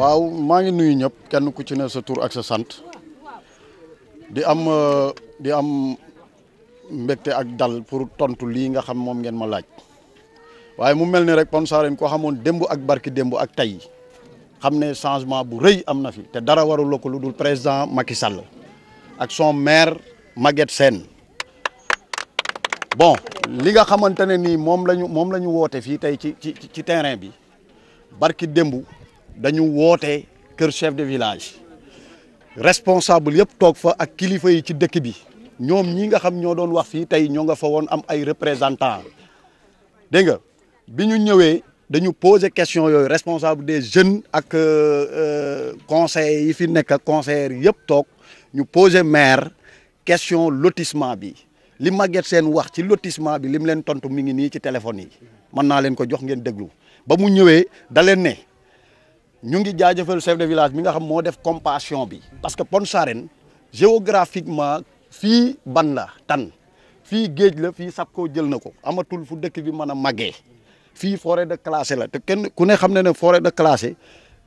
waaw maa ngi nuyu ñëpp kenn ku ci ne sa tur ak sa sant di am euh, di am mbégte ak dal pour tontu lii nga xam moom ngeen ma laaj waaye mu mel ni rek Pound Sarene ko xamoon démb ak barki démb ak tey xam ne changement bu rëy am na fi te dara warul ko lu dul président Macky Sall ak son maire Maguette Sène bon li nga xamante ne nii moom lañu moom la ñu woote fii tey ci ci ci terrain bi barki démb dañu woté kër chef de village responsable yépp toog fa ak kilifa yi ci dëkk bi ñoom ñi nga xam ñoo doon wax fii tey ñoo nga fa woon am ay représentants dégg nga bi ñu ñëwee dañu poser question yooyu responsable des jeunes ak euh, euh, conseillers yi fi nekk ak conseillers yépp toog ñu poser maire question lotissement bi li Maguette Sène wax ci lotissement bi lim leen tontu mi ngi nii ci téléphone yi man naa leen ko jox ngeen déglu ba mu ñëwee da leen ne ñu ngi le chef de village mi nga xam moo def compassion parce que Pont géographiquement fii ban tan fii géej la fii SAPCO jël na ko amatul fu dëkk bi mën a màggee il forêt de classée la te kenn ku ne xam ne forêt de le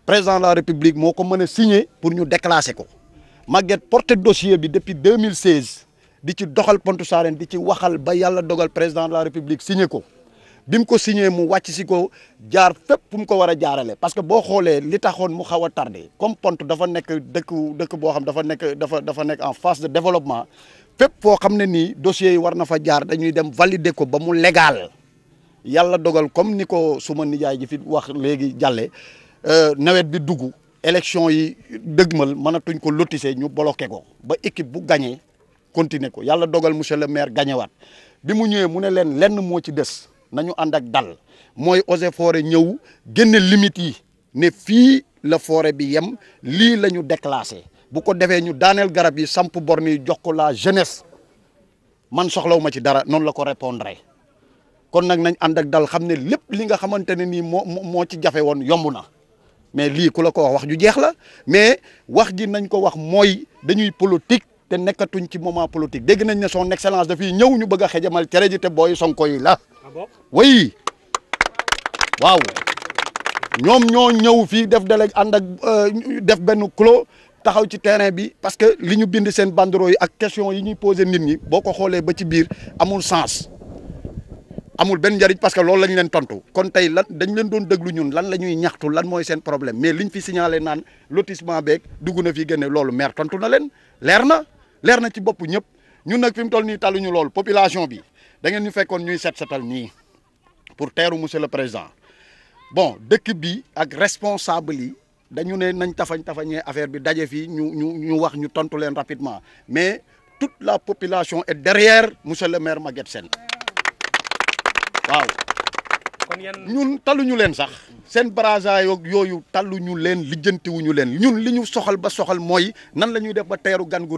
président de la république moo ko signer pour ñu déclasser ko Maguette porté dossier bi depuis 2016 di ci doxal Pont il di ci waxal ba yàlla dogal président de la république signé ko bi mu ko signé mu wàcc si ko jaar fépp fu mu ko war a jaarale parce que boo xoolee li taxoon mu xaw a tardé comme pont dafa nekk dëkk dëkk boo xam dafa nekk dafa dafa nekk en phase de développement fépp foo xam ne nii dossiers yi war na fa jaar dañuy dem valider ko ba mu légal yàlla dogal comme ni ko suma nijaay ji fi wax léegi jàlle euh, nawet bi dugg élection yi dëgmal mënatuñ ko lotissé ñu bloqué ko ba équipe bu gagné continuer ko yàlla dogal monsieur le maire gagné bi mu ñëwee mu ne leen lenn moo ci des. nañu ànd ak dal mooy eaux foore ñëw génne limites yi ne fii la foore bi yem lii lañu ñu bu ko defee ñu daaneel garab yi samp borne yi jox ko la jeunesse man soxlawuma ci dara noonu la ko répondre kon nag nañ ànd ak dal xam ne lépp li nga xamante ne nii moo moo ci jafe woon yomb na mais lii ku la ko wax wax ju jeex la mais wax ji nañ ko wax mooy dañuy politique te nekkatuñ ci moment politique dégg nañ ne son excellence dafiy ñëw ñu bëgg a xejamal cere ji te booy sonko yi la oui waaw Nous ñoo def ak euh, def ben clos taxaw ci terrain parce que les gens bind seen banderole ak question yi ñuy posé nit ñi ba ci biir amul sens amul parce que loolu la leen tontu kon tey la dañ leen doon déglu ñun lan la ñaxtu problème mais liñ fi signalé l'autisme, lotissement fi maire tontu na leen na na ci ñun Nous population nous avons fait cette pour taire monsieur le président bon depuis, bi ak responsable dañu nañ tafañ affaire bi nous rapidement mais toute la population est derrière monsieur le maire Maguette Nous, nous ñun taluñu leen sax sen nous yoyu taluñu ñun soxal ba la ba gan gu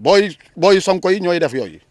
booy booy sonko yi ñooy def yooyu